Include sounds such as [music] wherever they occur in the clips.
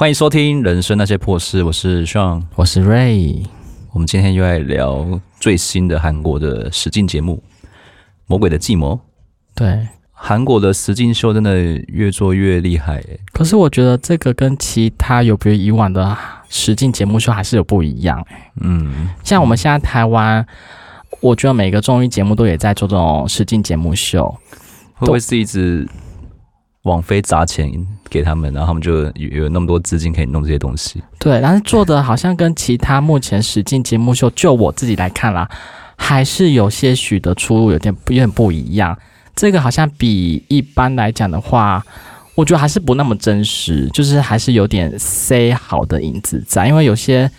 歡迎收聽《人生那些破事》，我是 Sean，我是 Ray，我們今天又來聊最新的韓國的實境節目《魔鬼的計謀》。對，韓國的實境秀真的越做越厲害，欸。可是我覺得這個跟其他有別以往的實境節目秀還是有不一樣，欸。嗯，像我們現在台灣，我覺得每個綜藝節目都也在做這種實境節目秀，會不會是一直？網飛砸錢給他們，然後他們就有有那麼多資金可以弄這些東西。對，但是做的好像跟其他目前實境節目秀，就我自己來看啦，還是有些許的出入，有點有點不一樣。這個好像比一般來講的話，我覺得還是不那麼真實，就是還是有點塞好的影子在，因為有些。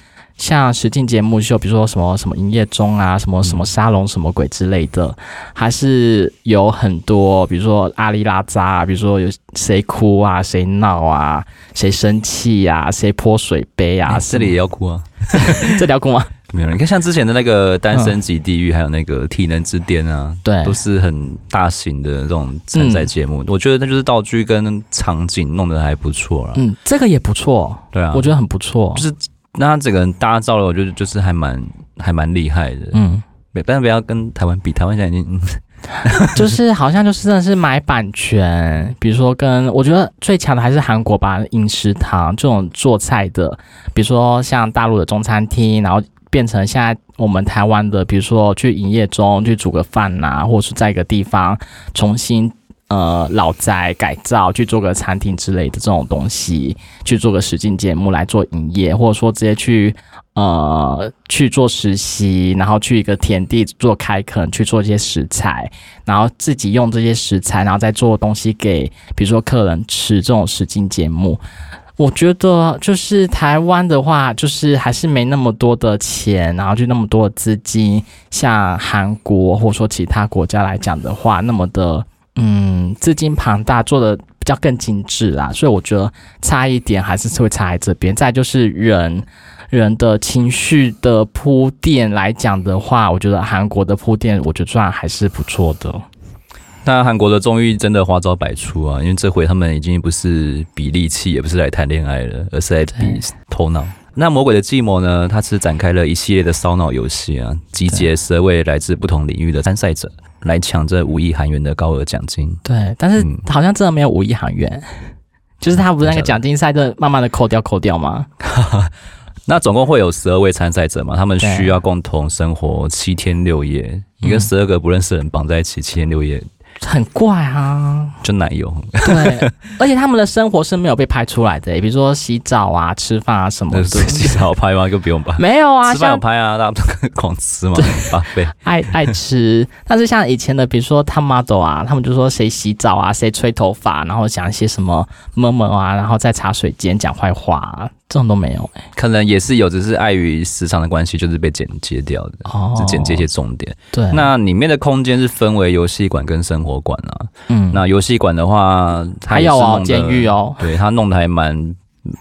像實境節目秀，比如說什麼什麼營業中啊，什麼什麼沙龍什麼鬼之類的，還是有很多，比如說阿里拉扎、啊，比如說有誰哭啊，誰鬧啊，誰生氣呀、啊，誰潑水杯啊、欸，這裡也要哭啊， [laughs] [laughs] 這裡要哭嗎？沒有，你看像之前的那個《單身即地獄》嗯，還有那個《體能之巔》啊，對，都是很大型的這種參賽節目、嗯，我覺得那就是道具跟場景弄得還不錯啊，嗯，這個也不錯，對啊，我覺得很不錯，就是。那他整個人打造的，我覺得就是還蠻還蠻厲害的。嗯，沒，但是不要跟台灣比，台灣現在已經、嗯、就是好像就是真的是買版權，比如說跟我覺得最強的還是韓國吧，尹食堂這種做菜的，比如說像大陸的中餐廳，然後變成現在我們台灣的，比如說去營業中去煮個飯吶、啊，或者是在一個地方重新。呃，老宅改造，去做個餐廳之類的這種東西，去做個實境節目來做營業，或者說直接去呃，去做實習，然後去一個田地做開墾，去做一些食材，然後自己用這些食材，然後再做東西給比如說客人吃這種實境節目。我覺得就是台灣的話，就是還是沒那麼多的錢，然後就那麼多的資金，像韓國或者說其他國家來講的話，那麼的。嗯，資金龐大，做得比較更精緻啦，所以我覺得差一點還是會差在這邊。再就是人，人的情緒的鋪墊來講的話，我覺得韓國的鋪墊，我覺得算還是不錯的。那韓國的綜藝真的花招百出啊，因為這回他們已經不是比力氣，也不是來談戀愛了，而是來比頭腦。那魔鬼的計謀呢？它是展開了一系列的燒腦遊戲啊，集結十二位來自不同領域的參賽者，來搶這五億韓元的高額獎金。對，但是好像真的沒有五億韓元，嗯，就是他不是那個獎金賽就，慢慢的扣掉扣掉嗎？ [laughs] 那總共會有十二位參賽者嘛？他們需要共同生活七天六夜，你跟十二個不認識的人綁在一起七天六夜。很怪啊，真奶油。對， [laughs] 而且他們的生活是沒有被拍出來的誒，比如說洗澡啊、吃飯啊什麼的。洗澡拍嗎？ [laughs] 就不用拍。沒有啊，吃飯有拍啊，大家都狂吃嘛。對， [laughs] 愛愛吃。但是像以前的，比如說 Tomato 啊，他們就說誰洗澡啊，誰吹頭髮，然後講一些什麼麼麼啊，然後在茶水間講壞話啊。這種都沒有誒、欸，可能也是有，只是礙於時長的關係，就是被剪接掉的哦，是剪接一些重點。對、啊，那裡面的空間是分為遊戲館跟生活館啊。嗯，那遊戲館的話，還有哦，監獄哦，對他弄得還蠻。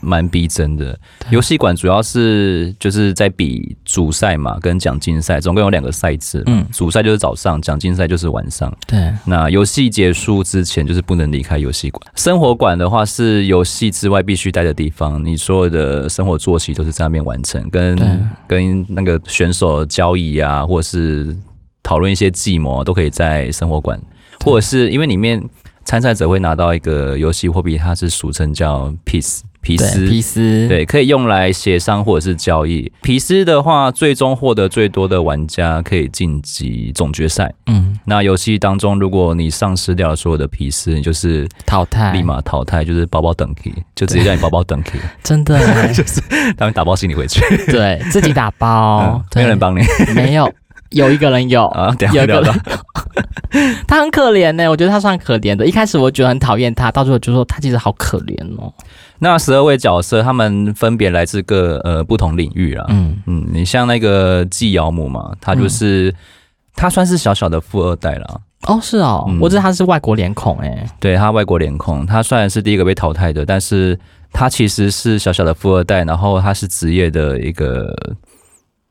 蠻逼真的，遊戲館主要是就是在比主賽嘛，跟獎金賽總共有兩個賽制。嗯，主賽就是早上，獎金賽就是晚上。對，那遊戲結束之前就是不能離開遊戲館。生活館的話是遊戲之外必須待的地方，你所有的生活作息都是在那邊完成，跟跟那個選手交易啊，或者是討論一些計謀，都可以在生活館。或者是因為裡面參賽者會拿到一個遊戲貨幣，它是俗稱叫 piece。皮斯，對，可以用來協商或者是交易。皮斯的話，最終獲得最多的玩家可以晉級總決賽。嗯，那遊戲當中，如果你喪失掉了所有的皮斯，你就是淘汰，立馬淘汰，就是包包等可以，就直接叫你包包等可以。真的，他 [laughs] 們、就是、打包行李回去，對自己打包， [laughs] 嗯、沒有人幫你， [laughs] 沒有，有一個人有，一有一個人， [laughs] 他很可憐呢。我覺得他算可憐的。一開始我覺得很討厭他，到最後就說他其實好可憐哦。那十二位角色，他們分別來自各呃不同領域啦。嗯嗯，你像那個紀堯姆嘛，他就是他，嗯，算是小小的富二代啦。哦，是哦，嗯，我知道他是外國臉孔誒，欸，對他外國臉孔，他雖然是第一個被淘汰的，但是他其實是小小的富二代，然後他是職業的一個。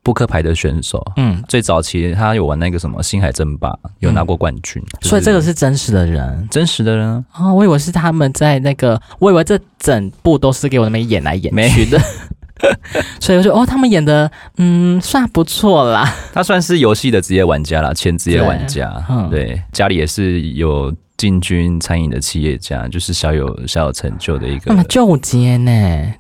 撲克牌的選手，嗯，最早期他有玩那個什麼星海爭霸，有拿過冠軍，嗯就是，所以這個是真實的人，真實的人，啊，哦。我以為是他們在那個，我以為這整部都是給我們演來演去的，沒 [laughs] 所以我就哦，他們演的嗯，算不錯啦。他算是遊戲的職業玩家啦，前職業玩家對對，嗯，對，家裡也是有。進軍餐飲的企業家，就是小有小有成就的一個。嗯、那麼有錢呢、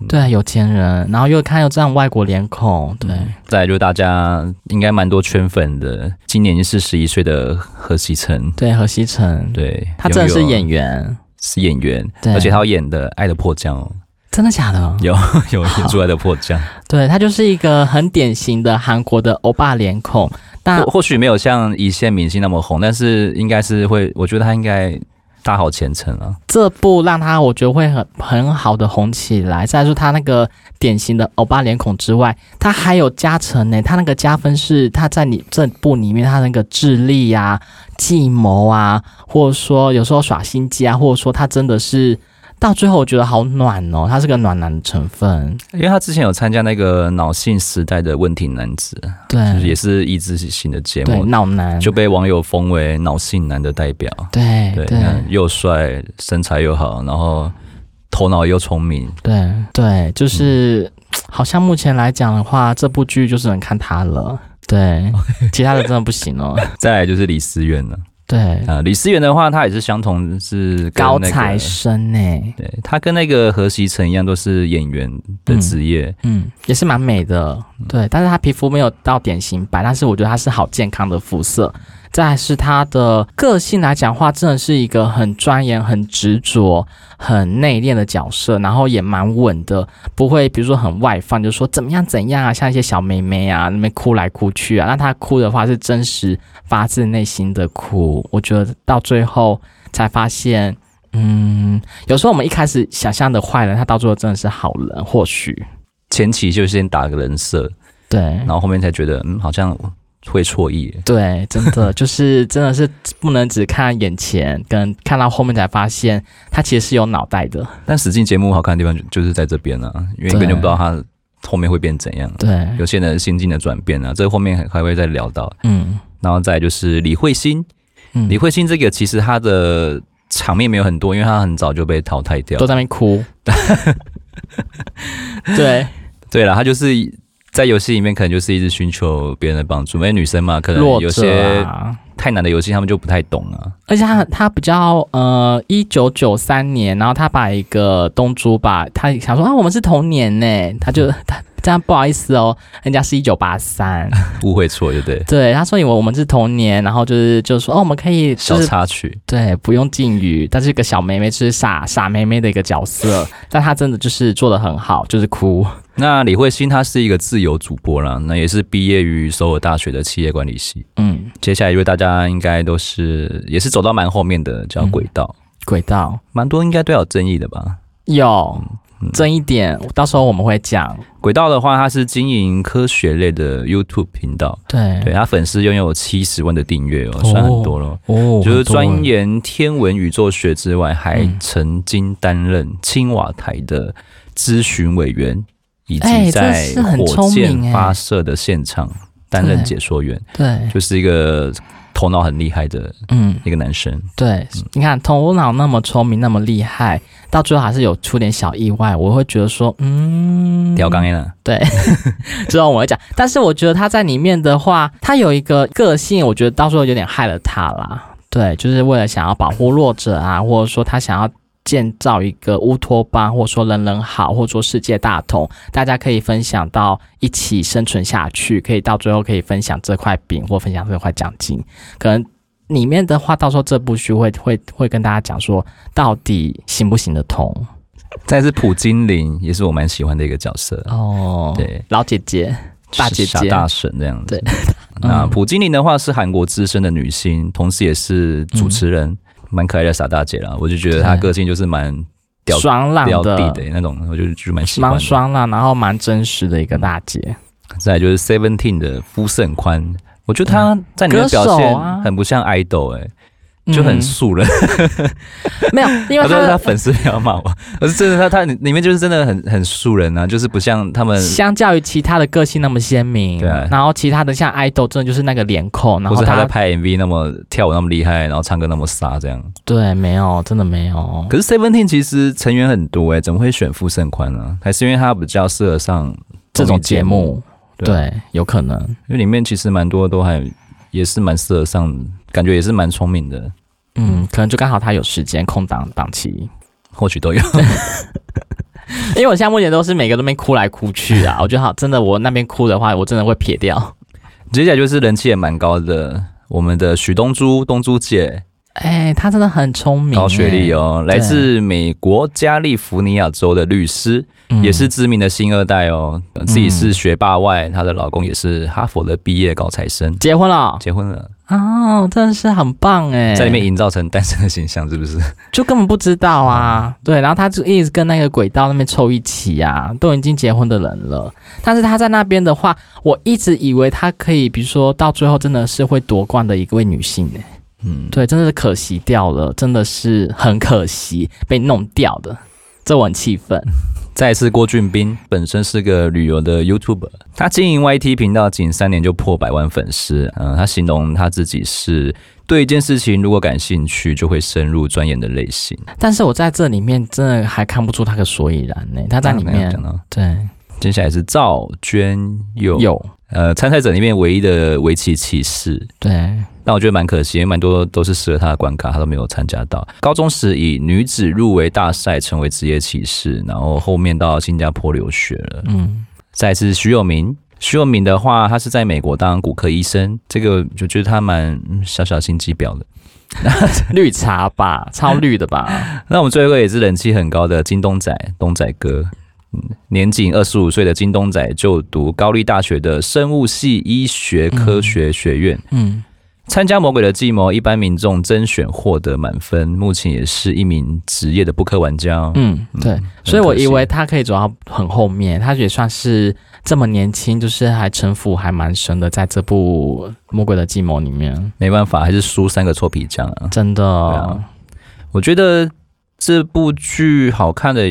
嗯？對，有錢人，然後又看有這樣外國臉孔，對、嗯。再來就是大家應該蠻多圈粉的，今年四十一歲的何希成。對，何希成對，他真的是演員，是演員，對，而且他演的《愛的迫降》哦，真的假的？有 [laughs] 有演出《愛的迫降》，對，他就是一個很典型的韓國的歐巴臉孔。但或許沒有像一線明星那麼紅，但是應該是會，我覺得他應該大好前程啊！這部讓他我覺得會很很好的紅起來。再說他那個典型的歐巴臉孔之外，他還有加成呢、欸。他那個加分是他在你這部裡面，他那個智力呀、啊、計謀啊，或者說有時候耍心機啊，或者說他真的是。到最後，我覺得好暖哦，他是個暖男的成分，因為他之前有參加那個腦性時代的問題男子，對，就是也是一直是新的節目，腦男就被網友封為腦性男的代表，對對，對又帥，身材又好，然後頭腦又聰明，對對，就是、嗯、好像目前來講的話，這部劇就是能看他了，對， [laughs] 其他的真的不行哦。 [laughs] 再來就是李思源了。對啊、呃，李思源的話，他也是相同，是、那個、高材生誒、欸。對，他跟那個何西成一樣，都是演員的職業嗯。嗯，也是蠻美的、嗯。對，但是他皮膚沒有到典型白，但是我覺得他是好健康的膚色。再是他的個性來講話，真的是一個很鑽研、很執着、很內斂的角色，然後也蠻穩的，不會比如說很外放，就說怎麼樣怎樣啊，像一些小妹妹啊，那邊哭來哭去啊。那他哭的話是真實發自內心的哭，我覺得到最後才發現，嗯，有時候我們一開始想象的壞人，他到最後真的是好人，或許前期就先打個人設，對，然後後面才覺得，嗯，好像。會錯意，對，真的就是真的是不能只看眼前， [laughs] 跟看到後面才發現他其實是有腦袋的。但實境節目好看的地方就就是在這邊了，啊，因為根本就不知道他後面會變怎樣，啊。對，有些人心境的轉變啊，這後面還會再聊到。嗯，然後再來就是李慧欣，嗯，李慧欣這個其實她的場面沒有很多，因為她很早就被淘汰掉，都在那邊哭。 [laughs] 對，對了，他就是。在遊戲裡面可能就是一直尋求別人的幫助，因、欸、為女生嘛，可能有些太難的遊戲他們就不太懂了、啊。而且他他比較呃，一九九三年，然後他把一個東珠吧，他想說啊，我們是同年呢、欸，他就他、嗯、這樣不好意思哦、喔，人家是一九八三，誤會錯就對。對，他說以為我們是同年，然後就是就是說哦、啊，我們可以小插曲，對，不用敬語，但是一個小妹妹就是傻傻妹妹的一個角色，但他真的就是做得很好，就是哭。那李慧欣她是一個自由主播啦，那也是畢業於首爾大學的企業管理系。嗯，接下來一位，大家應該都是也是走到蠻後面的叫軌道，軌、嗯、道蠻多應該都有爭議的吧？有爭議、嗯、點，到時候我們會講軌道的話，他是經營科學類的 YouTube 頻道，對，對他粉絲擁有七十萬的訂閱、喔、哦，算很多了哦。就是專研天文宇宙學之外，還曾經擔任青瓦台的諮詢委員。以及在火箭發射的現場擔任解說員、欸欸對，對，就是一個頭腦很厲害的，嗯，一個男生。嗯、對、嗯，你看，頭腦那麼聰明，那麼厲害，到最後還是有出點小意外。我會覺得說，嗯，掉鋼印了。對，之 [laughs] 後我會講。但是我覺得他在裡面的話，他有一個個性，我覺得到時候有點害了他啦。對，就是為了想要保護弱者啊，或者說他想要。建造一個烏托邦，或者說人人好，或者說世界大同，大家可以分享到一起生存下去，可以到最後可以分享這塊餅或分享這塊獎金。可能裡面的話，到時候這部劇會會會跟大家講說，到底行不行得通？再是朴慶林，也是我蠻喜歡的一個角色哦，對，老姐姐，就是，大，大姐姐，大嬸這樣子。對， [laughs] 那朴慶林的話是韓國資深的女星，同時也是主持人。嗯蠻可愛的傻大姐啦，我就覺得她個性就是蠻屌朗的、掉地的、欸、那種，我就就蠻喜歡的。蠻爽朗然後蠻真實的一個大姐。嗯、再來就是 Seventeen 的夫勝寬，我覺得她在裡面表現、嗯啊、很不像愛豆哎。就很素人、嗯， [laughs] 沒有，因為他是他粉絲要罵我，可是真的他他裡面就是真的很很素人啊，就是不像他們。相較於其他的個性那麼鮮明，對、啊，然後其他的像愛豆真的就是那個臉孔，然後他，或者他在拍 MV 那麼跳舞那麼厲害，然後唱歌那麼颯這樣。對，沒有，真的沒有。可是 Seventeen 其實成員很多誒、欸，怎麼會選傅盛寬呢、啊？還是因為他比較適合上這種節目，這種節目，對，對，有可能，因為裡面其實蠻多都還也是蠻適合上，感覺也是蠻聰明的。嗯，可能就剛好他有時間空檔檔期，或許都有。 [laughs] 因為我現在目前都是每個都在那邊哭來哭去啊， [laughs] 我覺得好真的，我那邊哭的話，我真的會撇掉。接下來就是人氣也蠻高的，我們的許東珠，東珠姐。哎、欸，她真的很聰明、欸，高學歷哦、喔，來自美國加利福尼亞州的律師、嗯，也是知名的星二代哦、喔嗯。自己是學霸外，她的老公也是哈佛的畢業高材生，結婚了，結婚了哦，真的是很棒哎、欸。在裡面營造成單身的形象，是不是？就根本不知道啊。 [laughs] 對，然後他就一直跟那個軌道那邊湊一起呀、啊，都已經結婚的人了。但是他在那邊的話，我一直以為他可以，比如說到最後真的是會奪冠的一位女性、欸嗯，對，真的是可惜掉了，真的是很可惜被弄掉的，這我很氣憤。嗯、再次，郭俊斌本身是個旅遊的 YouTuber，他經營 YT 頻道僅三年就破百萬粉絲。嗯、呃，他形容他自己是對一件事情如果感興趣，就會深入鑽研的類型。但是我在這裡面真的還看不出他個所以然呢、欸。他在裡面、嗯，對，接下來是趙娟佑，呃，參賽者裡面唯一的圍棋棋士，對。但我覺得蠻可惜，蠻多都是適合他的關卡，他都沒有參加到。高中時以女子入圍大賽成為職業棋士，然後後面到新加坡留學了。嗯，再是徐友明，徐友明的話，他是在美國當骨科醫生。這個就覺得他蠻小小心機婊的， [laughs] [laughs] 綠茶吧，超綠的吧。 [laughs] [laughs] 那我們最後一個也是人氣很高的金東宰，東宰哥，嗯、年僅二十五歲的金東宰就讀高麗大學的生物系醫學科學學院。嗯。嗯。參加《魔鬼的計謀》，一般民眾甄選獲得滿分，目前也是一名職業的撲克玩家。嗯，嗯對，所以我以為他可以走到很後面，他也算是這麼年輕，就是還城府還蠻深的，在這部《魔鬼的計謀》裡面，沒辦法，還是輸三個臭皮匠啊！真的哦，我覺得。這部劇好看的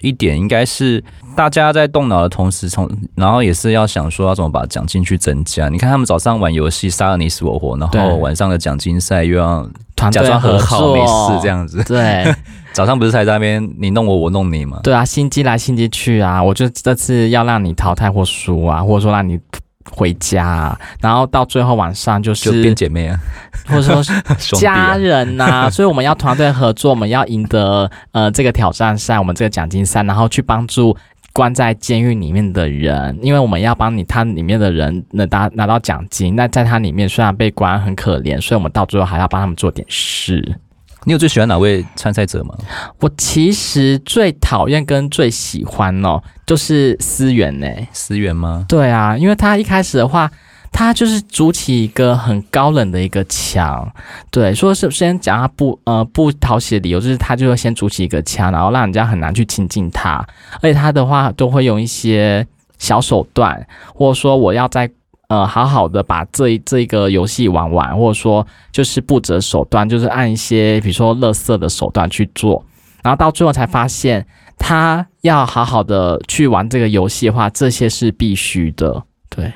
一點，應該是大家在動腦的同時從，從然後也是要想說要怎麼把獎金去增加。你看他們早上玩遊戲殺得你死我活，然後晚上的獎金賽又要假裝很好，沒事這樣子。對， [laughs] 早上不是在那邊你弄我，我弄你嗎？對啊，心機來心機去啊！我就這次要讓你淘汰或輸啊，或者說讓你。回家，然後到最後晚上就是就變姐妹，啊，或者說是， [laughs] 啊，家人吶，啊。所以我們要團隊合作，我們要贏得呃這個挑戰賽，我們這個獎金賽，然後去幫助關在監獄裡面的人，因為我們要幫你他裡面的人能拿拿到獎金。那在他裡面雖然被關很可憐，所以我們到最後還要幫他們做點事。你有最喜歡哪位參賽者嗎？我其實最討厭跟最喜歡哦、喔，就是思源呢、欸。思源嗎？對啊，因為他一開始的話，他就是築起一個很高冷的一個牆，對，說是先講他不呃不討喜的理由，就是他就會先築起一個牆，然後讓人家很難去親近他，而且他的話都會用一些小手段，或者說我要在。呃，好好的把這這一個遊戲玩完，或者說就是不擇手段，就是按一些比如說垃圾的手段去做，然後到最後才發現，他要好好的去玩這個遊戲的話，這些是必須的。對，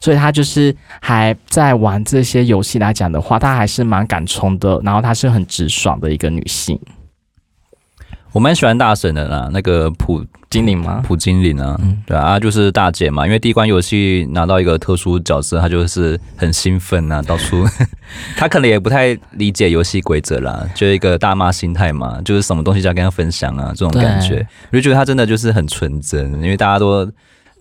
所以他就是還在玩這些遊戲來講的話，他還是蠻敢衝的，然後他是很直爽的一個女性。我蠻喜歡大神的啦，那個普。精靈嘛，普精靈啊、嗯，對啊，就是大姐嘛。因為第一關遊戲拿到一個特殊角色，她就是很興奮啊，到處。她 [laughs] 可能也不太理解遊戲規則啦，就一個大媽心態嘛，就是什麼東西就要跟他分享啊，這種感覺。我就覺得她真的就是很純真，因為大家都。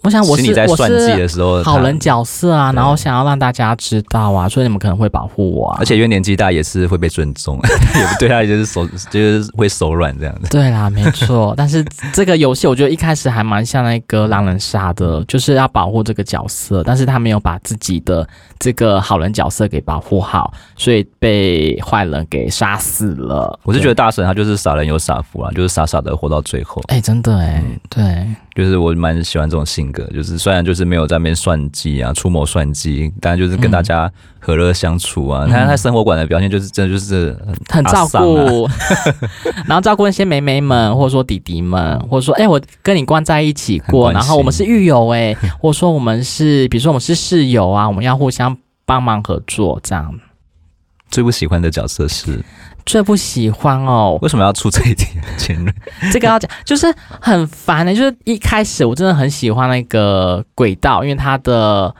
我想我是在算計的時候，好人角色啊，然後想要讓大家知道啊，所以你們可能會保護我啊。而且因為年紀大也是會被尊重， [laughs] 也不對啊，他就是手就是會手軟這樣子。對啦，沒錯。 [laughs] 但是這個遊戲我覺得一開始還蠻像那個狼人殺的，就是要保護這個角色，但是他沒有把自己的這個好人角色給保護好，所以被壞人給殺死了。我是覺得大神他就是傻人有傻福啊，就是傻傻的活到最後。哎、欸，真的哎、欸嗯，對。就是我蠻喜歡這種性格，就是雖然就是沒有在那邊算計啊,出謀算計，但就是跟大家和樂相處啊。你看他生活館的表現，就是真的就是很、啊、很照顧， [laughs] 然後照顧那些妹妹們，或者說弟弟們，或者說哎、欸，我跟你關在一起過，然後我們是獄友哎，或者說我們是，比如說我們是室友啊，我們要互相幫忙合作這樣。最不喜歡的角色是，最不喜歡哦。為什麼要出這一條前論？ [laughs] 這個要講，就是很煩的、欸。就是一開始，我真的很喜歡那個軌道，因為他的，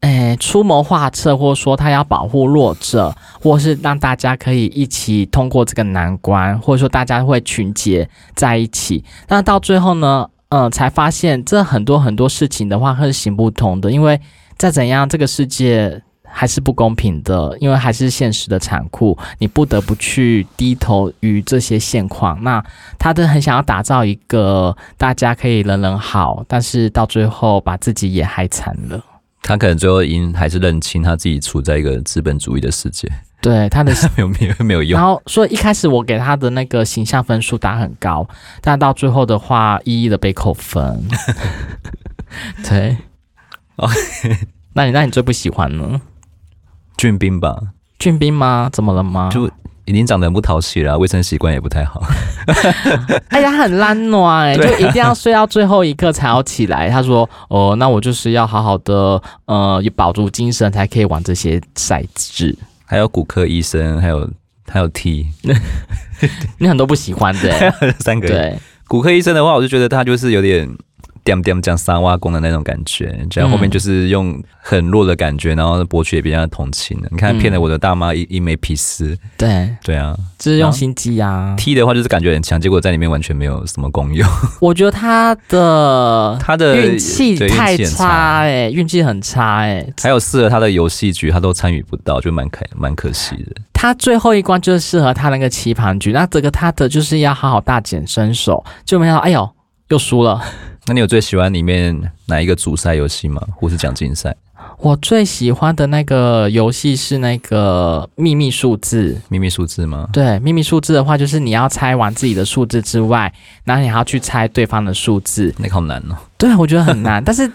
哎、欸，出謀劃策，或者說他要保護弱者，或者是讓大家可以一起通過這個難關，或者說大家會團結在一起。但到最後呢，嗯、呃，才發現這很多很多事情的話會是行不通的，因為再怎樣這個世界。還是不公平的，因為還是現實的殘酷，你不得不去低頭於這些現況。那他都很想要打造一個大家可以人人好，但是到最後把自己也害慘了。他可能最後因還是認清他自己處在一個資本主義的世界，對他的 [laughs] 沒有沒有用。然後所以一開始我給他的那個形象分數打很高，但到最後的話一一的被扣分。 [laughs] 對，okay. 那你那你最不喜歡呢？俊斌吧？俊斌嗎？怎麼了嗎？就已經長得很不討喜了、啊，衛生習慣也不太好。 [laughs] 哎，他很懶惰，哎、啊，就一定要睡到最後一刻才要起來。他說：“哦、呃，那我就是要好好的，呃，保住精神才可以玩這些賽制。”還有骨科醫生，還有還有 T， [laughs] [laughs] 你很多不喜歡的 [laughs] 三個人。人。骨科醫生的話，我就覺得他就是有點。點點將三挖工的那種感覺，然後後面就是用很弱的感覺，然後博取別人同情，嗯。你看騙了我的大媽一一枚皮斯，對對啊，就是用心機啊。踢，的話就是感覺很強，結果在裡面完全沒有什麼功用。我覺得他的 [laughs] 他的運氣太差誒，運氣很差誒，欸欸，還有適合他的遊戲局，他都參與不到，就蠻可蠻可惜的。他最後一關就是適合他那個棋盤局，那這個他的就是要好好大顯身手，就沒想到哎呦。就輸了。那你有最喜歡裡面哪一個主賽遊戲嗎？或是獎金賽？我最喜歡的那個遊戲是那個秘密數字。秘密數字嗎？對，秘密數字的話，就是你要猜完自己的數字之外，然後你還要去猜對方的數字。那個好難喔。對啊，我覺得很難， [laughs] 但是。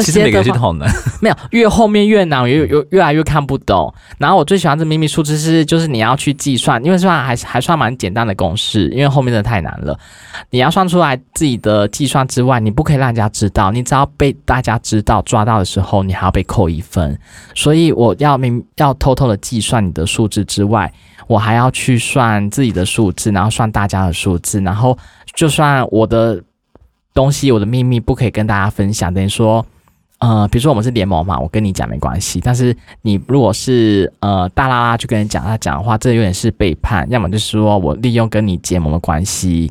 其實每個系統呢，沒有，越後面越難，越越越來越看不懂。然後我最喜歡的秘密數字是，就是你要去計算，因為算還還算蠻簡單的公式，因為後面的太難了。你要算出來自己的計算之外，你不可以讓人家知道，你只要被大家知道，抓到的時候，你還要被扣一分。所以我要明要偷偷的計算你的數字之外，我還要去算自己的數字，然後算大家的數字，然後就算我的東西，我的秘密不可以跟大家分享，等於說。呃，比如說我們是聯盟嘛，我跟你講沒關係。但是你如果是呃大剌剌去跟人講他講的話，這有點是背叛。要麼就是說我利用跟你結盟的關係，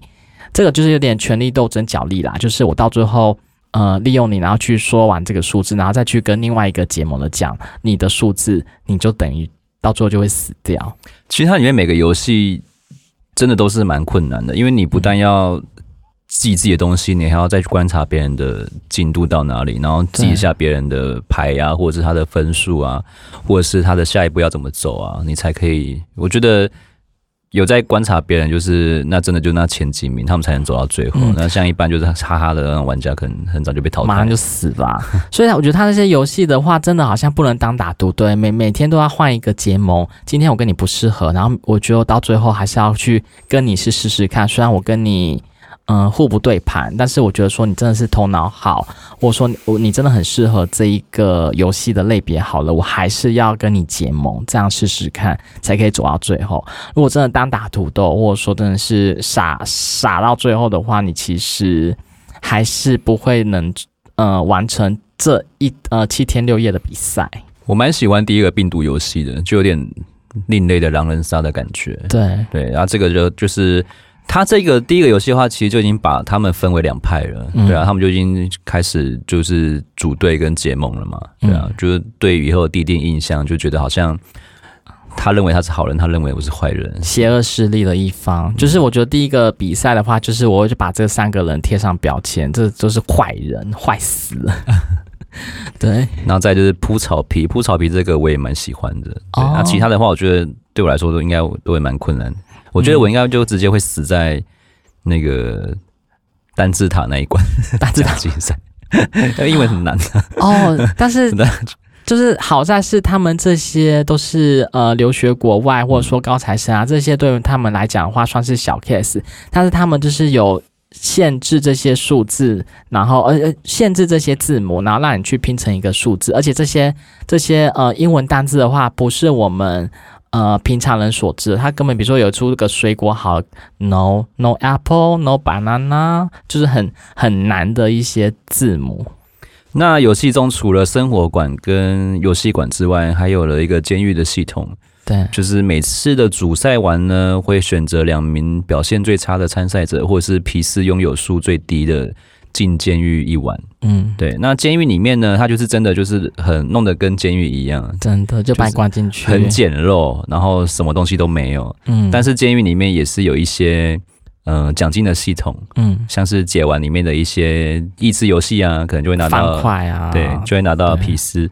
這個就是有點權力鬥爭角力啦。就是我到最後呃利用你，然後去說完這個數字，然後再去跟另外一個結盟的講你的數字，你就等於到最後就會死掉。其實它裡面每個遊戲真的都是蠻困難的，因為你不但要、嗯。記自己的東西，你還要再去觀察別人的進度到哪裡，然後記一下別人的牌啊，或者是他的分數啊，或者是他的下一步要怎麼走啊，你才可以。我覺得有在觀察別人，就是那真的就那前幾名，他們才能走到最後。那、嗯、像一般就是哈哈的那種、個、玩家，可能很早就被淘汰了，馬上就死吧。 [laughs] 所以我覺得他那些遊戲的話，真的好像不能單打獨鬥。對，每每天都要換一個結盟。今天我跟你不適合，然後我覺得我到最後還是要去跟你去試試看。雖然我跟你。嗯，互不對盤，但是我覺得說你真的是頭腦好，或者說你，你真的很適合這一個遊戲的類別。好了，我還是要跟你結盟，這樣試試看，才可以走到最後。如果真的單打獨鬥，或者說真的是傻傻到最後的話，你其實還是不會能呃完成這一呃七天六夜的比賽。我蠻喜歡第一個病毒遊戲的，就有點另類的狼人殺的感覺。對對，然後，啊，這個就就是。他這個第一個遊戲的話，其實就已經把他們分為兩派了、嗯，對啊，他們就已經開始就是組隊跟結盟了嘛，對啊，嗯、就是對以後的第一印象就覺得好像他認為他是好人，他認為我是壞人，邪惡勢力的一方。就是我覺得第一個比賽的話，就是我會去把這三個人貼上標籤，這都是壞人，壞死了。 [laughs] 對，然後再就是鋪草皮，鋪草皮這個我也蠻喜歡的。那、哦啊、其他的話，我覺得對我來說都應該都會蠻困難。我覺得我應該就直接會死在那個單字塔那一關，單字塔競賽，因為英文很難的、啊、哦。但是就是好在是他們這些都是呃留學國外或者說高材生啊，嗯、這些對他們來講的話算是小 case。但是他們就是有限制這些數字，然後呃限制這些字母，然後讓你去拼成一個數字，而且這些這些呃英文單字的話不是我們。呃，平常人所知，他根本比如說有出一個水果好，好，no no apple no banana，就是很很難的一些字母。那遊戲中除了生活館跟遊戲館之外，還有了一個監獄的系統。對，就是每次的主賽完呢，會選擇兩名表現最差的參賽者，或者是皮試擁有數最低的。進監獄一晚，嗯，對，那監獄裡面呢，它就是真的，就是很弄得跟監獄一樣，真的就把你關進去，就是、很簡陋，然後什麼東西都沒有，嗯，但是監獄裡面也是有一些，嗯、呃，獎金的系統，嗯，像是解完裡面的一些益智遊戲啊，可能就會拿到方塊啊，對，就會拿到皮斯，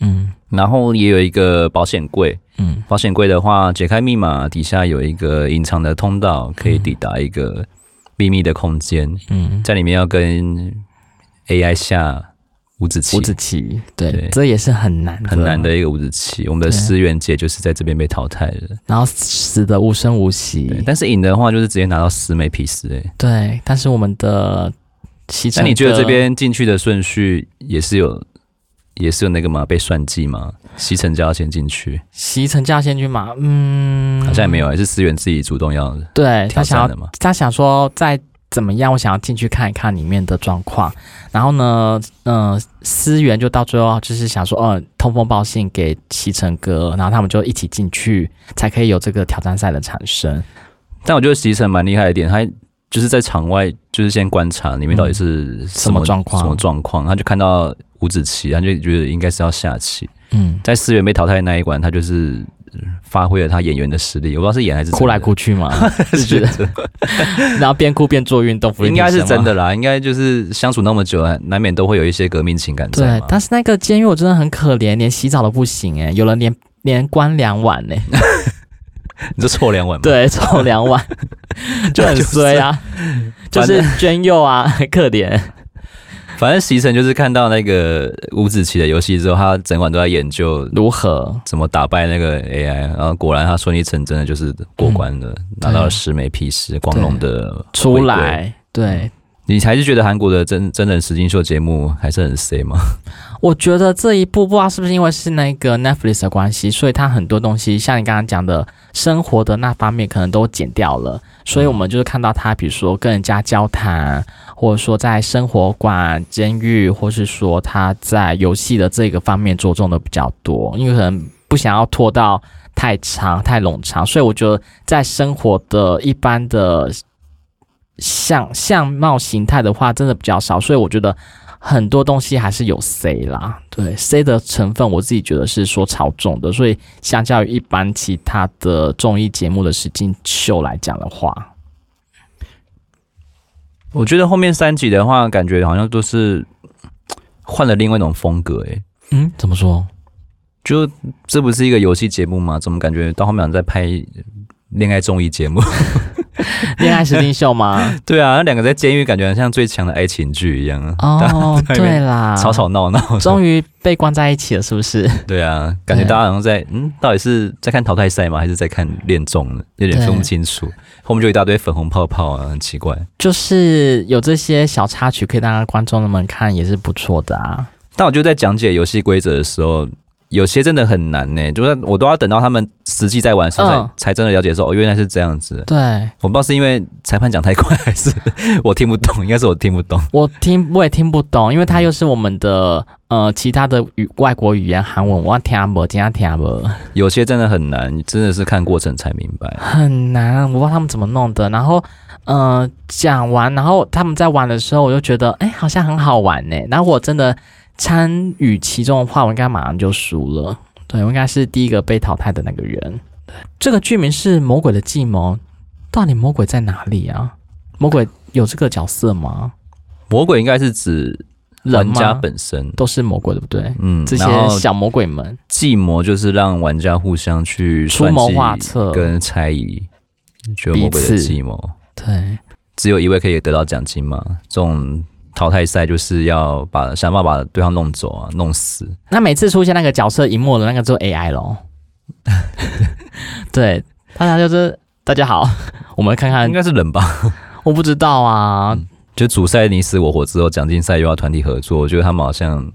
嗯，然後也有一個保險櫃，嗯，保險櫃的話，解開密碼，底下有一個隱藏的通道，可以抵達一個。祕密的空間，嗯，在裡面要跟 AI 下五子棋，五子棋，對，對，這也是很難的很難的一個五子棋。我們的思源姐就是在這邊被淘汰的，然後死的無聲無息。但是贏的話就是直接拿到十枚皮斯哎、欸。對，但是我們的，那你覺得這邊進去的順序也是有？也是有那個嘛，被算計嘛，西城就要先進去，西城就要先去嘛，嗯，好像也沒有、欸，還是思源自己主動要的，對，他想要嘛，他想說再怎麼樣，我想要進去看一看裡面的狀況，然後呢，嗯、呃，思源就到最後就是想說，哦，通風報信給西城哥，然後他們就一起進去，才可以有這個挑戰賽的產生。但我覺得西城蠻厲害的一點，他。就是在場外，就是先觀察裡面到底是什麼狀況、嗯，什麼狀況。他就看到五子棋，他就覺得應該是要下棋。嗯，在思源被淘汰的那一關，他就是發揮了他演員的實力。我不知道是演還是哭來哭去嘛， [laughs] 是覺真得的， [laughs] 真的 [laughs] [laughs] 然後邊哭邊做運動。應該是真的啦，應該就是相處那麼久了，難免都會有一些革命情感。對，但是那個監獄我真的很可憐，連洗澡都不行誒、欸、有人連連關兩晚呢、欸。 [laughs] 你就湊兩碗嗎？對，湊兩碗 [laughs] 就很衰啊！ [laughs] 就是娟佑啊，可憐。反正席城，就是啊， [laughs] 就是看到那個五子棋的遊戲之後，他整晚都在研究如何怎麼打敗那個 AI。然後果然他順利成真的就是過關了，嗯，拿到了十枚皮石，光榮的出來對。你還是覺得韓國的真真人實境秀節目還是很 C 嗎？我覺得這一部不知道是不是因為是那個 Netflix 的關係，所以他很多東西，像你剛剛講的生活的那方面，可能都剪掉了。所以我們就是看到他，比如說跟人家交談，或者說在生活館、監獄，或是說他在遊戲的這個方面着重的比較多，因為可能不想要拖到太長、太冗長。所以我覺得在生活的一般的。相相貌形態的話，真的比較少，所以我覺得很多東西還是有 C 啦。對 C 的成分，我自己覺得是說超重的。所以相較於一般其他的綜藝節目、的實境秀來講的話，我覺得後面三集的話，感覺好像都是換了另外一種風格、欸。誒，嗯，怎麼說？就這不是一個遊戲節目嗎？怎麼感覺到後面在拍？戀愛綜藝節目， [laughs] 戀愛實境秀嗎？ [laughs] 對啊，那兩個在監獄，感覺好像最強的愛情劇一樣哦，oh, 對啦，吵吵鬧鬧，終於被關在一起了，是不是？ [laughs] 對啊，感覺大家好像在……嗯，到底是在看淘汰賽嗎？還是在看戀綜呢？有點分不清楚。後面就一大堆粉紅泡泡啊，很奇怪。就是有這些小插曲，可以大家觀眾們看也是不錯的啊。但我就在講解遊戲規則的時候。有些真的很難呢、欸，就是我都要等到他們實際在玩的時候才才真的了解說哦，原來是這樣子。對，我不知道是因為裁判講太快，還是我聽不懂？應該是我聽不懂。我聽，我也聽不懂，因為他又是我們的呃其他的語外國語言韓文，我聽今天聽阿不。有些真的很難，真的是看過程才明白。很難，我不知道他們怎麼弄的。然後呃講完，然後他們在玩的時候，我就覺得哎、欸，好像很好玩呢、欸。然後我真的。參與其中的話，我應該馬上就輸了。對，我應該是第一個被淘汰的那個人。這個劇名是《魔鬼的計謀》，到底魔鬼在哪裡啊？魔鬼有這個角色嗎？魔鬼應該是指玩家本身，都是魔鬼，對不對？嗯，這些小魔鬼們計謀就是讓玩家互相去出謀劃策、跟猜疑彼此，覺得魔鬼的計謀。對，只有一位可以得到獎金嗎？這種。淘汰賽就是要把想辦法把對方弄走啊，弄死。那每次出現那個角色熒幕的那個就 AI 咯。 [laughs] [laughs] 對，大家就是大家好，我們看看應該是人吧？我不知道啊。嗯，就主賽你死我活之後，獎金賽又要團體合作，我覺得他們好像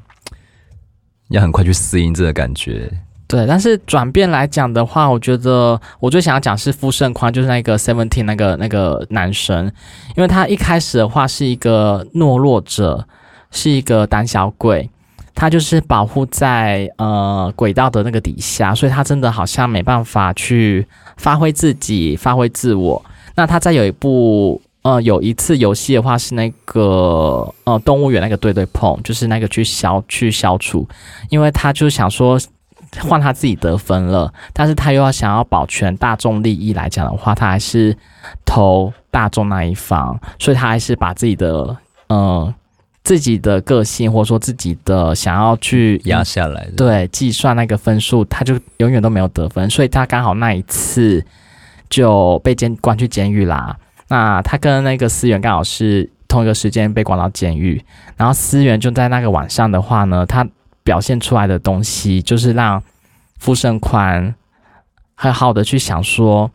要很快去適應這個感覺。對，但是轉變來講的話，我覺得我最想要講是夫勝寬，就是那個 Seventeen 那個那個男神，因為他一開始的話是一個懦弱者，是一個膽小鬼，他就是保護在呃軌道的那個底下，所以他真的好像沒辦法去發揮自己，發揮自我。那他在有一部呃有一次遊戲的話是那個呃動物園那個對對碰，就是那個去消去消除，因為他就想說。換他自己得分了，但是他又要想要保全大眾利益來講的話，他還是投大眾那一方，所以他還是把自己的嗯自己的個性或者說自己的想要去壓下來的，對，計算那個分數，他就永遠都沒有得分，所以他剛好那一次就被監關去監獄啦。那他跟那個思源剛好是同一個時間被關到監獄，然後思源就在那個晚上的話呢，他。表現出來的東西，就是讓傅盛寬很好的去想說，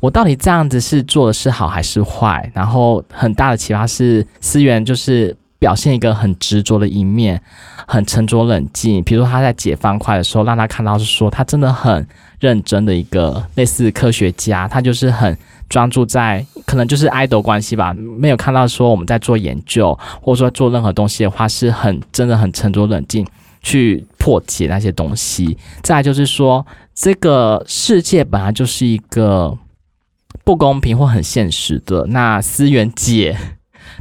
我到底這樣子是做的是好還是壞？然後很大的啟發是思源，就是表現一個很執着的一面，很沉着冷靜。比如說他在解方塊的時候，讓他看到是說他真的很認真的一個類似科學家，他就是很專注在，可能就是 idol 關係吧，沒有看到說我們在做研究或者說做任何東西的話，是很真的很沉着冷靜。去破解那些東西，再來就是說，這個世界本來就是一個不公平或很現實的。那思源姐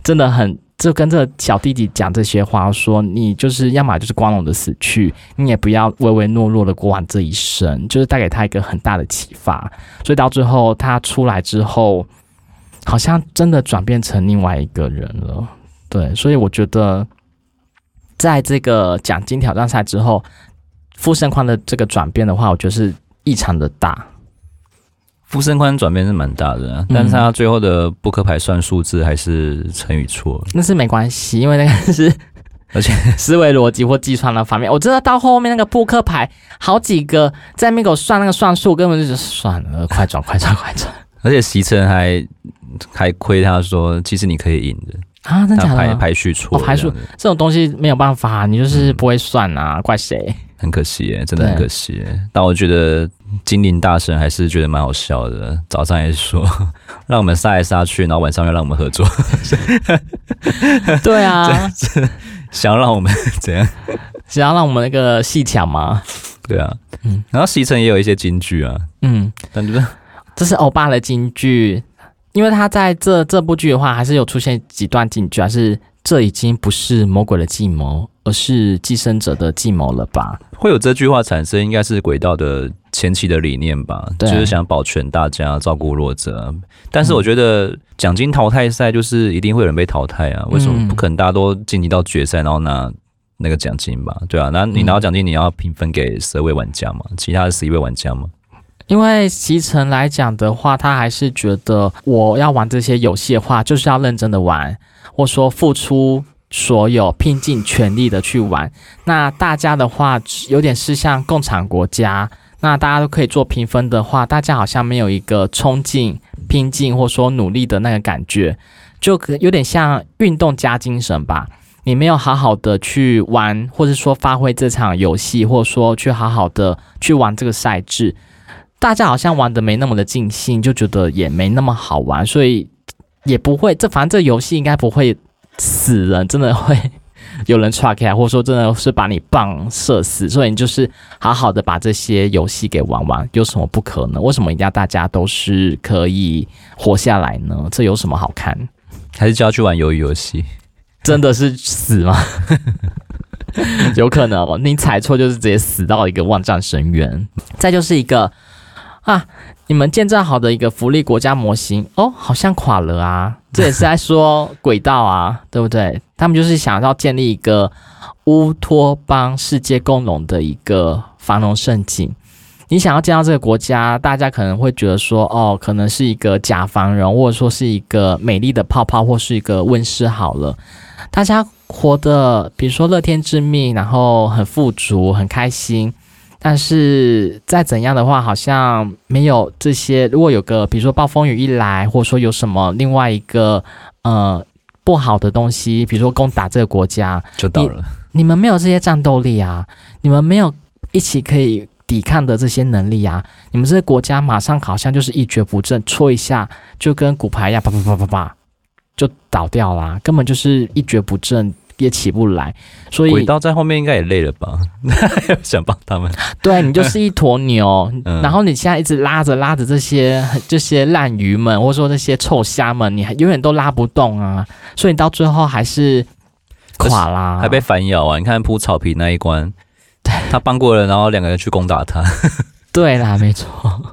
真的很就跟這小弟弟講這些話說，說你就是要麼就是光榮的死去，你也不要唯唯諾諾的過完這一生，就是帶給他一個很大的啟發。所以到最後他出來之後，好像真的轉變成另外一個人了。對，所以我覺得。在這個獎金挑戰賽之後，夫勝寬的這個轉變的話，我覺得是異常的大。夫勝寬轉變是蠻大的，啊嗯，但是他最後的撲克牌算數字還是乘以錯，那是沒關係，因為那個是而且思維邏輯或計算的方面， [laughs] 我真的到後面那個撲克牌好幾個在門口算那個算數，根本就是算了，快轉快轉快轉！而且錫辰還還虧他說，其實你可以贏的。啊，真的，的排，排排序哦，排序這，這種東西沒有辦法，你就是不會算啊，嗯、怪誰？很可惜耶，真的很可惜耶。但我覺得精靈大神還是覺得蠻好笑的。早上還說讓我們殺來殺去，然後晚上又讓我們合作。 [laughs] 對啊， [laughs] 想讓我們怎樣？想要讓我們那個戲搶嗎？對啊，嗯。然後西城也有一些金句啊，嗯，感覺這是歐巴的金句。因為他在這這部劇的話，還是有出現幾段警句。還是，這已經不是魔鬼的計謀，而是寄生者的計謀了吧？會有這句話產生，應該是軌道的前期的理念吧，就是想保全大家，照顧弱者。但是我覺得獎金淘汰賽就是一定會有人被淘汰啊，為什麼、嗯、不可能大家都晉級到決賽，然後拿那個獎金吧？對啊，那你拿到獎金，你要平分給十二位玩家嗎？其他的十一位玩家嗎？因為西城來講的話，他還是覺得我要玩這些遊戲的話，就是要認真的玩，或說付出所有，拼盡全力的去玩。那大家的話有點是像共產國家，那大家都可以做評分的話，大家好像沒有一個衝勁、拼勁，或說努力的那個感覺，就有點像運動家精神吧。你沒有好好的去玩，或是說發揮這場遊戲，或說去好好的去玩這個賽制。大家好像玩的沒那麼的盡興，就覺得也沒那麼好玩，所以也不會這。反正這遊戲應該不會死人，真的會有人岔開，或者說真的是把你棒射死。所以你就是好好的把這些遊戲給玩完，有什麼不可能？為什麼一定要大家都是可以活下來呢？這有什麼好看？還是就要去玩魷魚遊戲？真的是死嗎？ [laughs] [laughs] 有可能，你踩錯就是直接死到一個萬丈深淵。再就是一個。啊，你們建造好的一個福利國家模型哦，好像垮了啊！這也是在說軌道啊， [laughs] 對不對？他們就是想要建立一個烏托邦世界，共榮的一個繁榮盛景。你想要建造這個國家，大家可能會覺得說，哦，可能是一個假繁榮，或者說是一個美麗的泡泡，或是一個溫室好了，大家活得比如說樂天知命，然後很富足，很開心。但是再怎樣的話，好像沒有這些。如果有個，比如說暴風雨一來，或者說有什麼另外一個呃不好的東西，比如說攻打這個國家，就倒了。你，你們沒有這些戰鬥力啊，你們沒有一起可以抵抗的這些能力啊。你們這個國家馬上好像就是一蹶不振，戳一下就跟骨牌一樣，啪啪啪啪啪就倒掉了啊，根本就是一蹶不振。也起不來，所以你到在後面應該也累了吧？ [laughs] 想幫他們？對，你就是一坨牛， [laughs] 嗯、然後你現在一直拉着拉着這些這些爛魚們，或者說這些臭蝦們，你還永遠都拉不動啊！所以你到最後還是垮啦，還被反咬啊！你看鋪草皮那一關，對他幫過了，然後兩個人去攻打他， [laughs] 對啦，沒錯。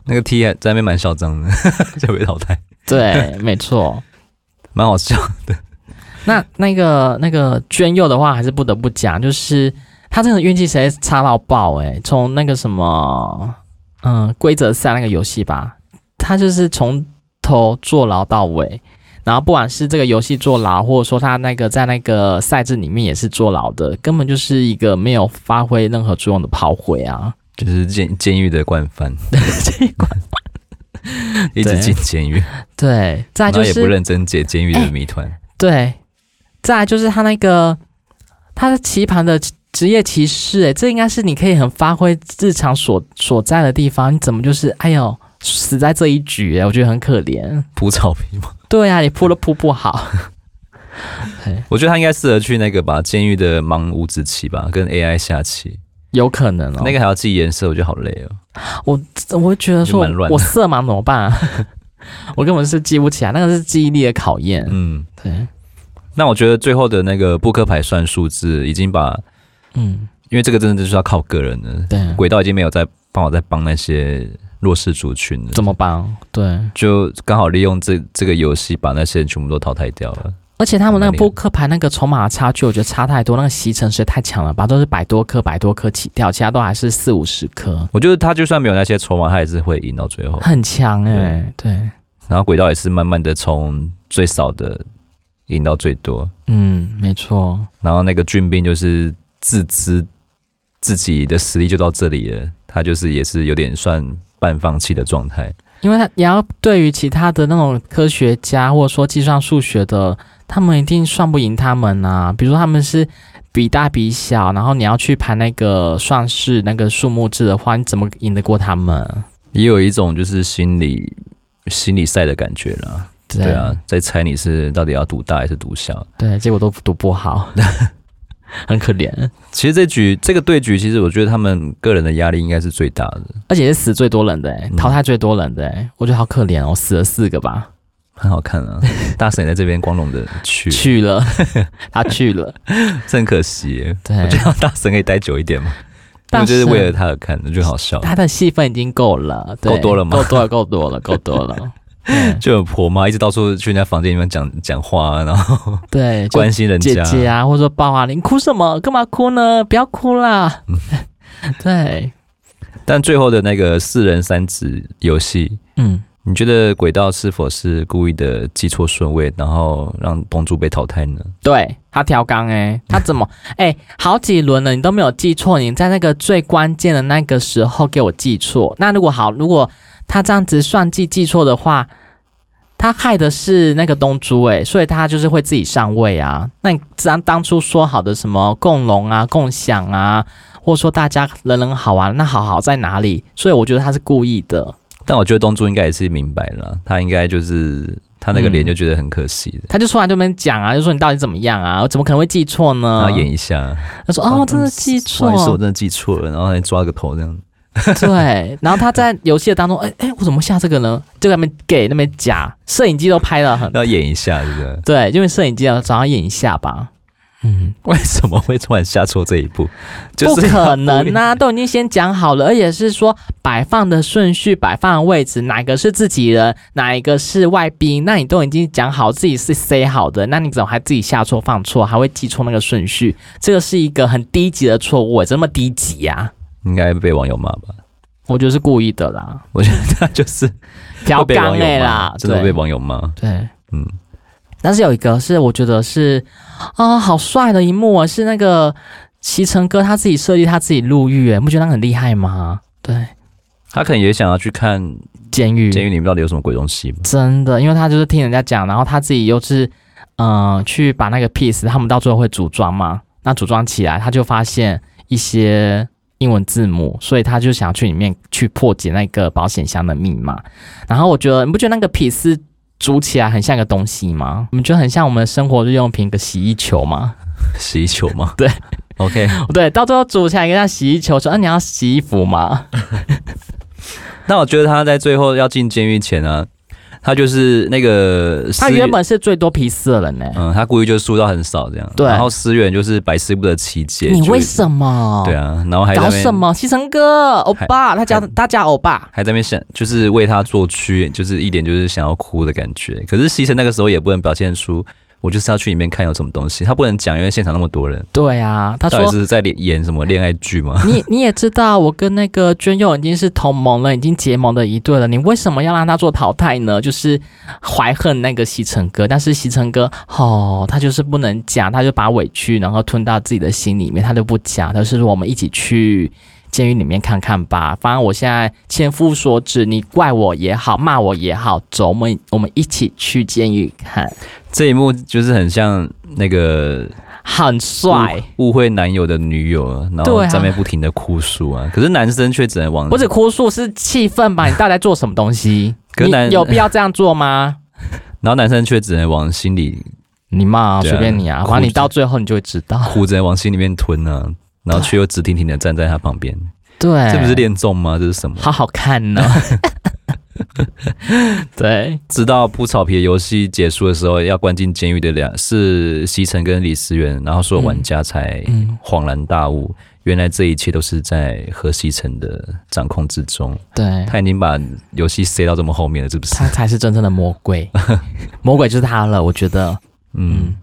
那個 T 還在那邊蠻囂張的，就 [laughs] 要被淘汰。 [laughs] 對，沒錯，蠻好笑的。那那個那個娟佑的話，還是不得不講，就是他真的運氣實在是差到爆誒、欸，從那個什麼，嗯，規則賽那個遊戲吧，他就是從頭坐牢到尾，然後不管是這個遊戲坐牢，或者說他那個在那個賽制裡面也是坐牢的，根本就是一個沒有發揮任何作用的炮灰啊！就是監監獄的慣犯，監獄慣犯，一直進監獄，對，再就是也不認真解監獄的謎團、欸，對。再就是他那個他的棋盤的職業棋士哎、欸，這應該是你可以很發揮日常所所在的地方。你怎麼就是哎呦死在這一局哎、欸？我覺得很可憐。鋪草坪嗎？對呀、啊，你鋪都鋪不好 [laughs] 。我覺得他應該適合去那個吧，監獄的盲五子棋吧，跟 AI 下棋。有可能哦，那個還要記顏色，我覺得好累哦。我我覺得說，我色盲怎麼辦、啊？ [laughs] 我根本是記不起來、啊，那個是記憶力的考驗。嗯，對。那我覺得最後的那個撲克牌算數字已經把，嗯，因為這個真的就是要靠個人的。對，軌道已經沒有在再幫我在幫那些弱勢族群了。怎麼幫？對，就剛好利用這這個遊戲把那些人全部都淘汰掉了。而且他們那個撲克牌那個籌碼的差距，我覺得差太多。那個席城實在太強了吧，把都是百多顆、百多顆起跳，其他都還是四五十顆。我覺得他就算沒有那些籌碼，他也是會贏到最後。很強哎、欸，對。然後軌道也是慢慢的從最少的贏到最多，嗯，沒錯。然後那個俊斌就是自知自己的實力就到這裡了，他就是也是有點算半放棄的狀態。因為他你要對於其他的那種科學家或者說計算數學的，他們一定算不贏他們啊。比如說他們是比大比小，然後你要去盤那個算式、那個數目制的話，你怎麼贏得過他們？也有一種就是心理心理賽的感覺啦。對啊，對啊，在猜你是到底要賭大還是賭小？對，結果都賭不好， [laughs] 很可憐。其實這局這個對局，其實我覺得他們個人的壓力應該是最大的，而且是死最多人的、嗯，淘汰最多人的，我覺得好可憐哦，我死了四個吧，很好看啊。大神在這邊光榮的去了 [laughs] 去了，他去了，真 [laughs] 可惜。對，我覺得大神可以待久一點嘛，但就是為了他而看，覺得好笑了。他的戲份已經夠了，夠多了嗎？夠多了，夠多了，夠多了。 [laughs] [laughs] 就有婆媽一直到處去人家房間裡面講講話，然後對，關心人家姐姐啊，或者說抱啊，你哭什麼？幹嘛哭呢？不要哭啦。嗯、 [laughs] 對，但最後的那個四人三子遊戲，嗯，你覺得軌道是否是故意的記錯順位，然後讓東珠被淘汰呢？對，他調缸誒，他怎麼誒、 [laughs] 欸？好幾輪了，你都沒有記錯，你在那個最關鍵的那個時候給我記錯。那如果好，如果他這樣子算計記錯的話，他害的是那個東珠誒、欸。所以他就是會自己上位啊。那你咱當初說好的什麼共榮啊、共享啊，或者說大家人人好啊，那好好在哪裡？所以我覺得他是故意的。但我覺得東珠應該也是明白了，他應該就是他那個臉就覺得很可惜的、嗯、他就出來這人講啊，就說你到底怎麼樣啊？我怎麼可能會記錯呢？然後演一下，他說哦，真的記錯，是 [laughs] 我真的記錯了，然後還抓個頭這樣。 [laughs] 對，然後他在遊戲的當中， [laughs] 誒誒我怎麼下這個呢？這個還沒給那邊假攝影機都拍了，很，要演一下這個對，因為攝影機要、啊、早上演一下吧。嗯，為什麼會突然下錯這一步？ [laughs] 就是不，不可能啊， [laughs] 都已經先講好了，而且是說擺放的順序、 [laughs] 擺放的位置，哪個是自己人，哪一個是外賓，那你都已經講好自己是塞好的，那你怎麼還自己下錯放錯，還會記錯那個順序？這個是一個很低級的錯誤，我這麼低級呀、啊？應該被網友罵吧？我覺得是故意的啦。我覺得他就是比較梗誒啦，真的會被網友罵。 [laughs] 對，嗯。但是有一個是，我覺得是啊、哦，好帥的一幕啊！是那個齊成哥他自己設計，他自己入獄，哎，不覺得他很厲害嗎？對。他可能也想要去看監獄，監獄裡面到底有什麼鬼東西，真的，因為他就是聽人家講，然後他自己又是嗯、呃，去把那個 piece 他們到最後會組裝嗎？那組裝起來，他就發現一些。英文字母，所以他就想要去裡面去破解那個保險箱的密碼。然後我覺得，你不覺得那個皮斯煮起來很像個東西嗎？你覺得很像我們的生活日用品個洗衣球嗎？洗衣球嗎？ [laughs] 對，OK，對，到最後煮起來一個像洗衣球，說：“那、啊、你要洗衣服嗎？” [laughs] 那我覺得他在最後要進監獄前呢、啊。他就是那個，他原本是最多皮色的人呢、欸，嗯，他故意就輸到很少這樣，對。然後思遠就是百思不得其解，你為什麼？對啊，然後還搞什麼？西城哥，歐巴，他家他叫歐巴，還在那邊想，就是為他作曲，就是一點就是想要哭的感覺。可是西城那個時候也不能表現出。我就是要去裡面看有什麼東西，他不能講，因為現場那麼多人。對啊，他隨時在演什麼戀愛劇嗎？你你也知道，我跟那個娟友已經是同盟了，已經結盟的一對了。你為什麼要讓他做淘汰呢？就是懷恨那個西城哥，但是西城哥，哦，他就是不能講，他就把他委屈然後吞到自己的心裡面，他就不講。他是說我們一起去。監獄裡面看看吧，反正我現在千夫所指，你怪我也好，罵我也好，走，我們我們一起去監獄看。這一幕就是很像那個很帥誤會男友的女友，然後在那邊不停的哭訴啊，啊，可是男生卻只能往……不是哭訴是氣憤吧？你到底在做什麼東西？ [laughs] 你有必要這樣做嗎？ [laughs] 然後男生卻只能往心裡，你罵隨、啊啊、便你啊，反正你到最後你就會知道，哭只能往心裡面吞呢、啊。然後卻又直挺挺的站在他旁邊，對，這不是戀綜嗎？這是什麼？好好看呢。 [laughs] [laughs] 對，直到鋪草皮的遊戲結束的時候，要關進監獄的兩是西城跟李思源，然後所有玩家才恍然大悟，嗯嗯、原來這一切都是在何西城的掌控之中。對，他已經把遊戲塞到這麼後面了，是不是？他才是真正的魔鬼， [laughs] 魔鬼就是他了。我覺得，嗯。嗯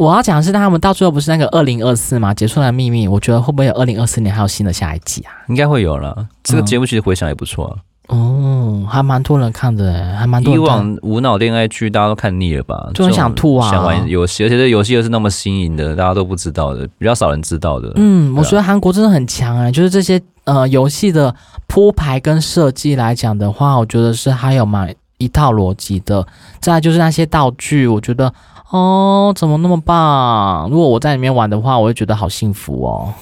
我要講的是，他們到最後不是那個二零二四嘛？結束了秘密，我覺得會不會有二零二四年還有新的下一季啊？應該會有啦。這個節目其實回響也不錯哦、啊嗯嗯，還蠻多人看的，欸，還蠻多。以往無腦戀愛劇大家都看膩了吧？就很想吐啊！想玩遊戲，而且這遊戲又是那麼新穎的，大家都不知道的，比較少人知道的。嗯，啊、我覺得韓國真的很強啊、欸！就是這些呃遊戲的鋪排跟設計來講的話，我覺得是還有蠻一套邏輯的。再來就是那些道具，我覺得。哦，怎麼那麼棒？如果我在裡面玩的話，我會覺得好幸福哦。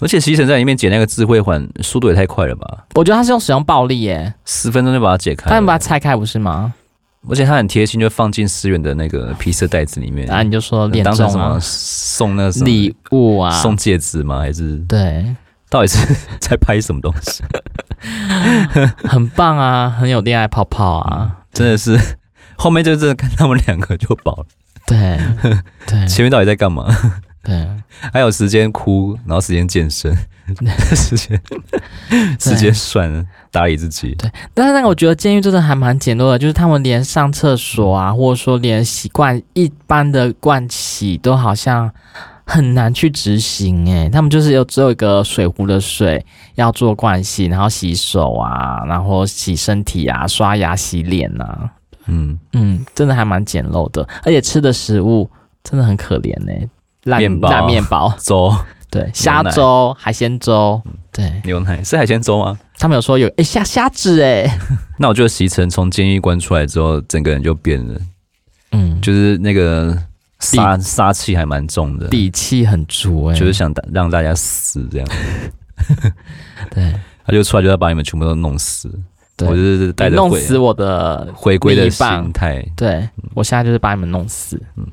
而且其實在裡面解那個智慧環速度也太快了吧？我覺得他是用使用暴力耶，十分鐘就把它解開。他們把它拆開不是嗎？而且他很貼心，就放進思源的那個皮色袋子裡面。啊，你就說，當上什麼送那什麼禮物啊？送戒指嗎？還是？對。到底是在拍什麼東西？ [laughs] [laughs] 很棒啊，很有戀愛泡泡啊。嗯，真的是。後面就是看他們兩個就飽了。對，對，前面到底在幹嘛？對，還有時間哭，然後時間健身， [laughs] 時間時間算打理自己。對，但是那個我覺得監獄真的還蠻簡陋的，就是他們連上廁所啊，或者說連習慣一般的盥洗都好像很難去執行，欸。誒他們就是有只有一個水壺的水要做盥洗，然後洗手啊，然後洗身體啊，刷牙、洗臉吶、啊。嗯嗯，真的還蠻簡陋的，而且吃的食物真的很可憐呢。麵包、爛麵包、粥，對，蝦粥、海鮮粥、嗯，對，牛奶是海鮮粥嗎？他們有說有哎，蝦、欸、蝦子哎。 [laughs] 那我覺得席城從監獄關出來之後，整個人就變了，嗯，就是那個殺殺氣還蠻重的，底氣很足哎、欸，就是想讓讓大家死這樣。 [laughs] 對， [laughs] 他就出來就要把你們全部都弄死。對，我就是帶着弄死我的回歸的心態。對，我現在就是把你們弄死。嗯，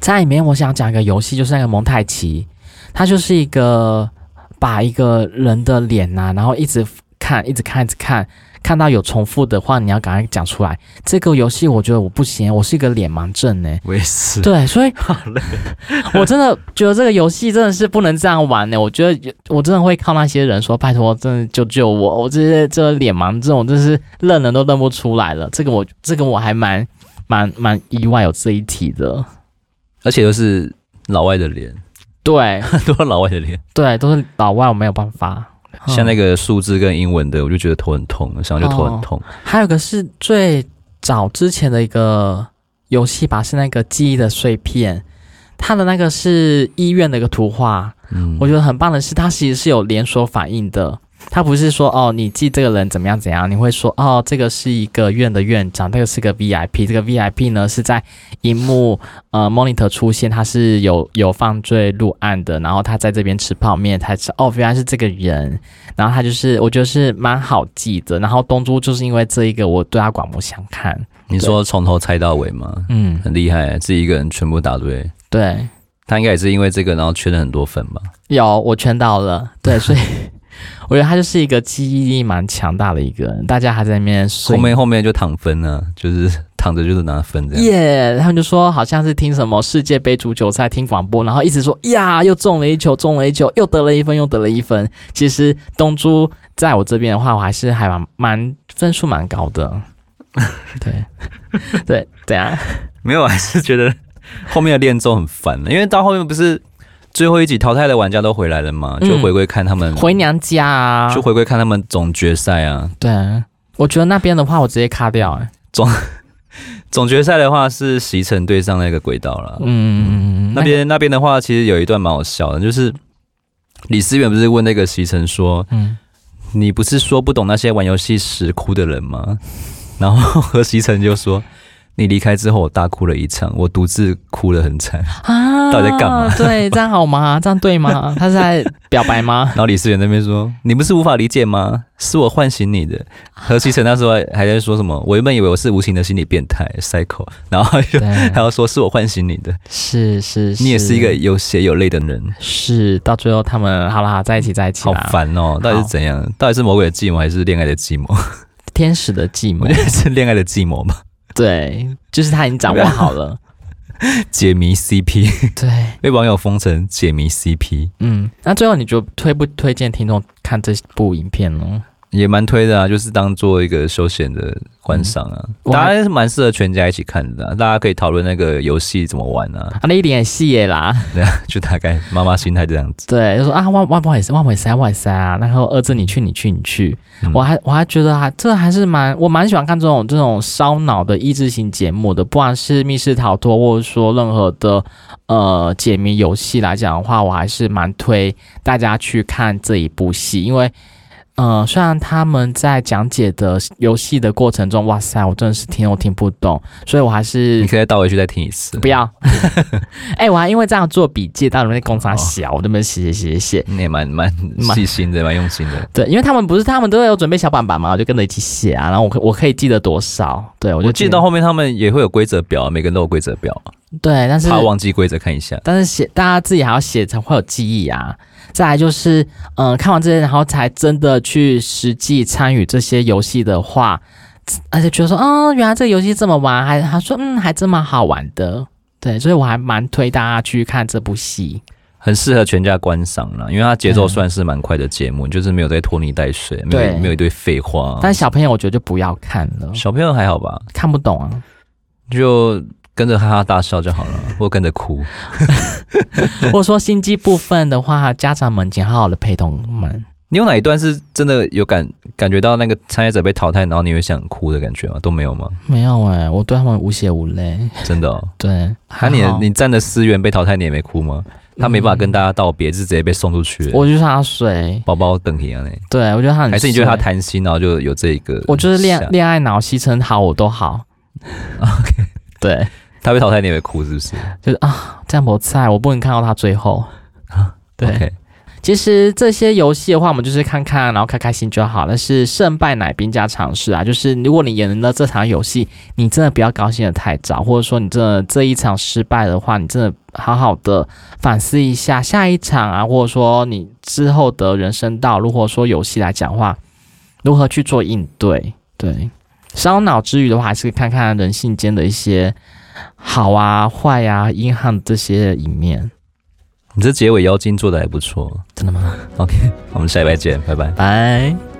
在裡面我想講一個遊戲，就是那個蒙太奇，它就是一個把一個人的臉吶、啊，然後一直看，一直看，一直看。看到有重複的話，你要趕快講出來。這個遊戲我覺得我不行，我是一個臉盲症呢、欸。我也是。對，所以好了， [laughs] 我真的覺得這個遊戲真的是不能這樣玩呢、欸。我覺得我真的會靠那些人說拜託，真的救救我！我這些這個臉盲症，我真是認人都認不出來了。這個我這個我還蠻蠻蠻意外有這一題的，而且都是老外的臉。 [laughs] 對，很多老外的臉。對，都是老外，我沒有辦法。像那個數字跟英文的，我就覺得頭很痛，然後就頭很痛。哦，還有一個是最早之前的一個遊戲吧，是那個記憶的碎片，它的那個是醫院的一個圖畫，嗯。我覺得很棒的是，它其實是有連鎖反應的。他不是說哦，你記這個人怎麼樣怎樣？你會說哦，這個是一個院的院長，這個是個 VIP，這個 VIP 呢是在熒幕呃 monitor 出現，他是有有犯罪入案的，然後他在這邊吃泡麵，他吃哦原來是這個人，然後他就是我覺得是蠻好記的。然後東珠就是因為這一個，我對他刮目相看。你說從頭猜到尾嗎？嗯，很厲害，自己一個人全部答對。對，他應該也是因為這個，然後圈了很多粉吧。有，我圈到了，對，所以。 [laughs] 我覺得他就是一個記憶力蠻強大的一個人，大家還在那邊睡，後面後面就躺分呢、啊，就是躺着就是拿分這樣。耶、yeah,，他們就說好像是聽什麼世界杯足球賽聽廣播，然後一直說呀，又中了一球，中了一球，又得了一分，又得了一分。其實東珠在我這邊的話，我還是還蠻蠻分數蠻高的。 [laughs] 對，對，對啊，沒有，我還是覺得後面的戀綜很煩，因為到後面不是。最後一集淘汰的玩家都回來了嗎？就回歸看他們、嗯、回娘家啊，就回歸看他們總決賽啊。對，我覺得那邊的話，我直接卡掉。總總決賽的話是席城對上那個軌道了。嗯嗯嗯嗯，那邊、那個、嗯、那邊的話，其實有一段蠻好笑的，就是李思遠不是問那個席城說：“嗯，你不是說不懂那些玩遊戲時哭的人嗎？”然後和席城就說。你離開之後，我大哭了一場，我獨自哭得很慘啊！到底在幹嘛？對， [laughs] 這樣好嗎？這樣對嗎？他是在表白嗎？ [laughs] 然後李思遠那邊說：“你不是無法理解嗎？是我喚醒你的。”何其成那時候還在說什麼？我原本以為我是無情的心理變態 Psycho 然後又還要說是我喚醒你的，是是，是，你也是一個有血有淚的人。是，到最後他們好啦好，在一起，在一起。好煩哦，喔！到底是怎樣？到底是魔鬼的寂寞，還是戀愛的寂寞？天使的寂寞是戀愛的寂寞嗎？對，就是他已經掌握好了解謎 CP，對，被網友封成解謎 CP。嗯，那最後你就推不推薦聽眾看這部影片呢？也蠻推的啊，就是當做一個休閒的觀賞啊，嗯、我還是蠻適合全家一起看的、啊。大家可以討論那個遊戲怎麼玩啊，那一點戲耶啦，這 [laughs] 樣就大概媽媽心態這樣子。對，就說啊外外萬萬萬萬萬外三萬三啊，然後兒子你去你去你去，你去你去嗯、我還我還覺得還這還是蠻我蠻喜歡看這種這種燒腦的益智型節目的，不管是密室逃脫或者說任何的呃解謎遊戲來講的話，我還是蠻推大家去看這一部戲，因為。嗯，雖然他們在講解的遊戲的過程中，哇塞，我真的是聽我聽不懂，所以我還是你可以倒回去再聽一次。不要，哎、 [laughs] 欸，我還因為這樣做筆記，到那邊工廠小，我那沒寫寫寫寫那你也蠻蠻細心的，蠻用心的。對，因為他們不是他們都有準備小板板嘛，我就跟着一起寫啊，然後我我可以記得多少？對，我，記得，我記得到後面，他們也會有規則表，每個人都有規則表。對，但是怕忘記規則，看一下。但是寫大家自己還要寫，才會有記憶啊。再來就是，嗯、呃，看完這些，然後才真的去實際參與這些遊戲的話，而且覺得說，哦、嗯，原來這個遊戲這麼玩，還還說，嗯，還真蠻好玩的。對，所以我還蠻推大家去看這部戲，很適合全家觀賞啦，因為它節奏算是蠻快的節目，嗯，就是沒有在拖泥帶水，沒有沒有一堆廢話、啊。但是小朋友我覺得就不要看了，小朋友還好吧？看不懂啊，就。跟着哈哈大笑就好了，或跟着哭。或 [laughs] 者 [laughs] 說心機部分的話，家長們請好好的陪同我們。你有哪一段是真的有感感覺到那個參與者被淘汰，然後你會想哭的感覺嗎？都沒有嗎？沒有哎、欸，我對他們無血無淚。真的、喔？對。那你你站的思源被淘汰，你也沒哭嗎？他沒辦法跟大家道別，就、嗯、直接被送出去，我就他水寶寶鄧安啊，對，我覺得他很還是你覺得他貪心，然後就有這一個。我就是戀戀愛腦，西城好我都好。OK [laughs] [laughs] 對。他被淘汰，你也哭是不是？就是啊，這樣不在我不能看到他最後啊。對、okay，其實這些遊戲的話，我們就是看看，然後開開心就好。但是勝敗乃兵家常事啊。就是如果你贏了這場遊戲，你真的不要高興得太早，或者說你這這一場失敗的話，你真的好好的反思一下下一場啊，或者說你之後的人生道路，或者說遊戲來講的話，如何去做應對？對，燒腦之餘的話，還是看看人性間的一些。好啊，壞啊，陰暗這些的一面，你這結尾妖精做得還不錯，真的嗎？OK，我們下禮拜見，拜 [laughs] 拜拜。Bye